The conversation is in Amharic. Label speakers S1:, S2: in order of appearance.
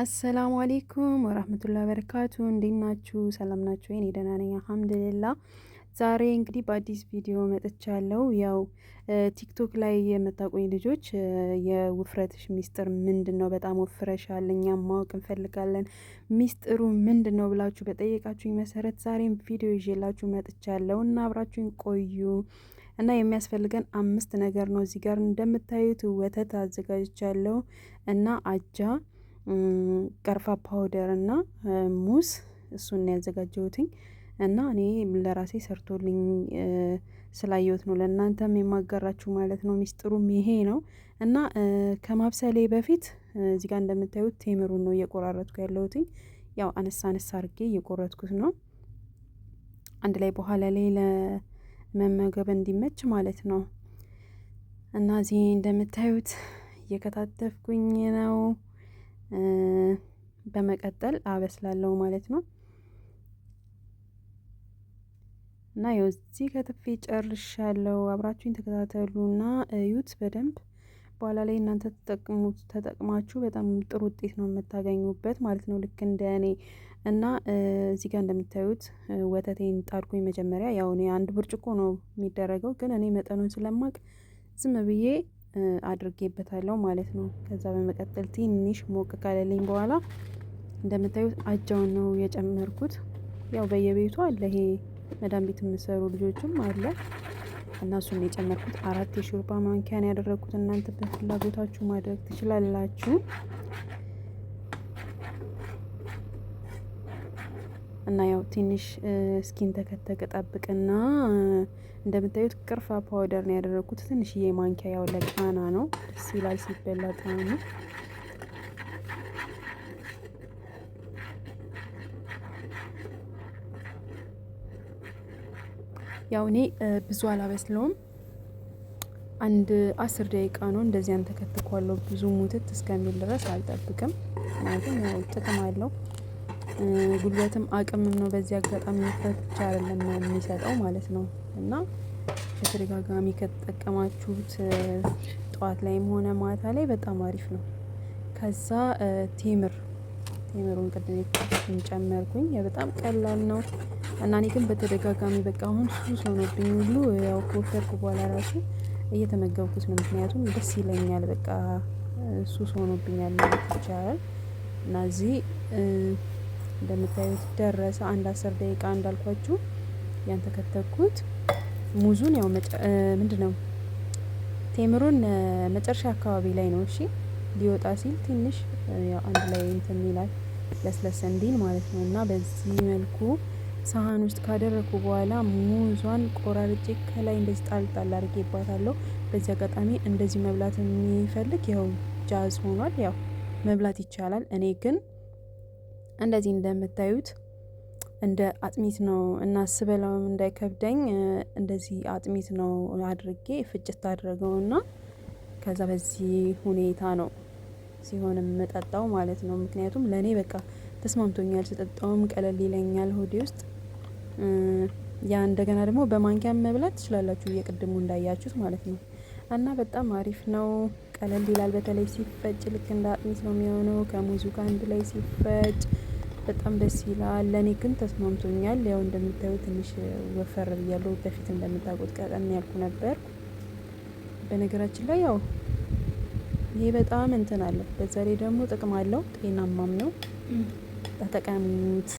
S1: አሰላሙ አሌይኩም ወራህመቱላ በረካቱ። እንዴት ናችሁ? ሰላም ናችሁ? እኔ ደህና ነኝ አልሐምዱሊላ። ዛሬ እንግዲህ በአዲስ ቪዲዮ መጥቻለሁ። ያው ቲክቶክ ላይ የምታቆኝ ልጆች የውፍረትሽ ሚስጥር ምንድን ነው? በጣም ወፍረሻል፣ እኛም ማወቅ እንፈልጋለን፣ ሚስጥሩ ምንድን ነው ብላችሁ በጠየቃችሁኝ መሰረት ዛሬም ቪዲዮ ይዤላችሁ መጥቻለሁ እና አብራችሁኝ ቆዩ እና የሚያስፈልገን አምስት ነገር ነው። እዚህ ጋር እንደምታዩት ወተት አዘጋጅቻለሁ እና አጃ ቀርፋ ፓውደር እና ሙስ እሱን ያዘጋጀሁትኝ እና እኔ ለራሴ ሰርቶልኝ ስላየሁት ነው ለእናንተም የማጋራችሁ ማለት ነው። ሚስጥሩም ይሄ ነው እና ከማብሰሌ በፊት እዚህ ጋር እንደምታዩት ቴምሩን ነው እየቆራረጥኩ ያለሁትኝ። ያው አነሳ አነሳ አርጌ እየቆረጥኩት ነው አንድ ላይ በኋላ ላይ ለመመገብ እንዲመች ማለት ነው። እና እዚህ እንደምታዩት እየከታተፍኩኝ ነው። በመቀጠል አበስላለሁ ማለት ነው። እና ያው እዚህ ከትፌ ጨርሻለሁ። አብራችሁኝ ተከታተሉና እዩት በደንብ በኋላ ላይ እናንተ ተጠቅሙት ተጠቅማችሁ በጣም ጥሩ ውጤት ነው የምታገኙበት ማለት ነው። ልክ እንደ እኔ እና እዚህ ጋር እንደምታዩት ወተቴን ጣድኩኝ። መጀመሪያ ያው እኔ አንድ ብርጭቆ ነው የሚደረገው፣ ግን እኔ መጠኑን ስለማቅ ዝም ብዬ አድርጌበታለሁ ማለት ነው። ከዛ በመቀጠል ትንሽ ሞቅ ካለልኝ በኋላ እንደምታዩት አጃውን ነው የጨመርኩት። ያው በየቤቱ አለ ይሄ መዳም ቤት የምሰሩ ልጆችም አለ እና እሱን የጨመርኩት አራት የሾርባ ማንኪያን ያደረግኩት። እናንተ በፍላጎታችሁ ማድረግ ትችላላችሁ። እና ያው ትንሽ እስኪን ተከተቀ ጠብቅና እንደምታዩት ቅርፋ ፓውደር ነው ያደረኩት። ትንሽዬ ማንኪያ ያው ለቃና ነው ደስ ይላል ሲበላ ጣዕሙ ያው እኔ ብዙ አላበስለውም። አንድ አስር ደቂቃ ነው እንደዚያን ተከትኳለሁ። ብዙ ሙትት እስከሚል ድረስ አልጠብቅም፣ ምክንያቱም ጥቅም አለው። ጉልበትም አቅምም ነው። በዚህ አጋጣሚ መፍረት ብቻ አይደለም የሚሰጠው ማለት ነው እና በተደጋጋሚ ከተጠቀማችሁት ጠዋት ላይም ሆነ ማታ ላይ በጣም አሪፍ ነው። ከዛ ቴምር ቴምሩን ቅድም ጨመርኩኝ። በጣም ቀላል ነው እና እኔ ግን በተደጋጋሚ በቃ አሁን ሱስ ሆኖብኝ ሁሉ ያው ከወፈርኩ በኋላ ራሱ እየተመገብኩት ነው። ምክንያቱም ደስ ይለኛል፣ በቃ ሱስ ሆኖብኛል ማለት ይቻላል እና እዚህ እንደምታዩት ደረሰ። አንድ አስር ደቂቃ እንዳልኳችሁ ያን ተከተኩት። ሙዙን ያው ምንድን ነው ቴምሩን መጨረሻ አካባቢ ላይ ነው እሺ፣ ሊወጣ ሲል ትንሽ ያው አንድ ላይ እንትን ይላል ለስለስ እንዲል ማለት ነው። እና በዚህ መልኩ ሳህን ውስጥ ካደረኩ በኋላ ሙዟን ቆራርጬ ከላይ እንደዚህ ጣል ጣል አድርጌባታለሁ። በዚህ አጋጣሚ እንደዚህ መብላት የሚፈልግ ያው ጃዝ ሆኗል። ያው መብላት ይቻላል። እኔ ግን እንደዚህ እንደምታዩት እንደ አጥሚት ነው እና ስበላውም እንዳይከብደኝ እንደዚህ አጥሚት ነው አድርጌ ፍጭት አድረገውና ከዛ በዚህ ሁኔታ ነው ሲሆን የምጠጣው ማለት ነው። ምክንያቱም ለእኔ በቃ ተስማምቶኛል። ስጠጣውም ቀለል ይለኛል ሆዴ ውስጥ ያ እንደገና ደግሞ በማንኪያ መብላት ትችላላችሁ፣ የቅድሙ እንዳያችሁት ማለት ነው። እና በጣም አሪፍ ነው፣ ቀለል ይላል። በተለይ ሲፈጭ ልክ እንደ አጥሚት ነው የሚሆነው ከሙዙ ጋር አንድ ላይ ሲፈጭ በጣም ደስ ይላል። ለእኔ ግን ተስማምቶኛል። ያው እንደምታዩ ትንሽ ወፈር ብያለሁ። በፊት እንደምታውቁት ቀጠን ያልኩ ነበር። በነገራችን ላይ ያው ይሄ በጣም እንትን አለው። በዛሬ ደግሞ ጥቅም አለው። ጤናማም ነው። ተጠቃሚት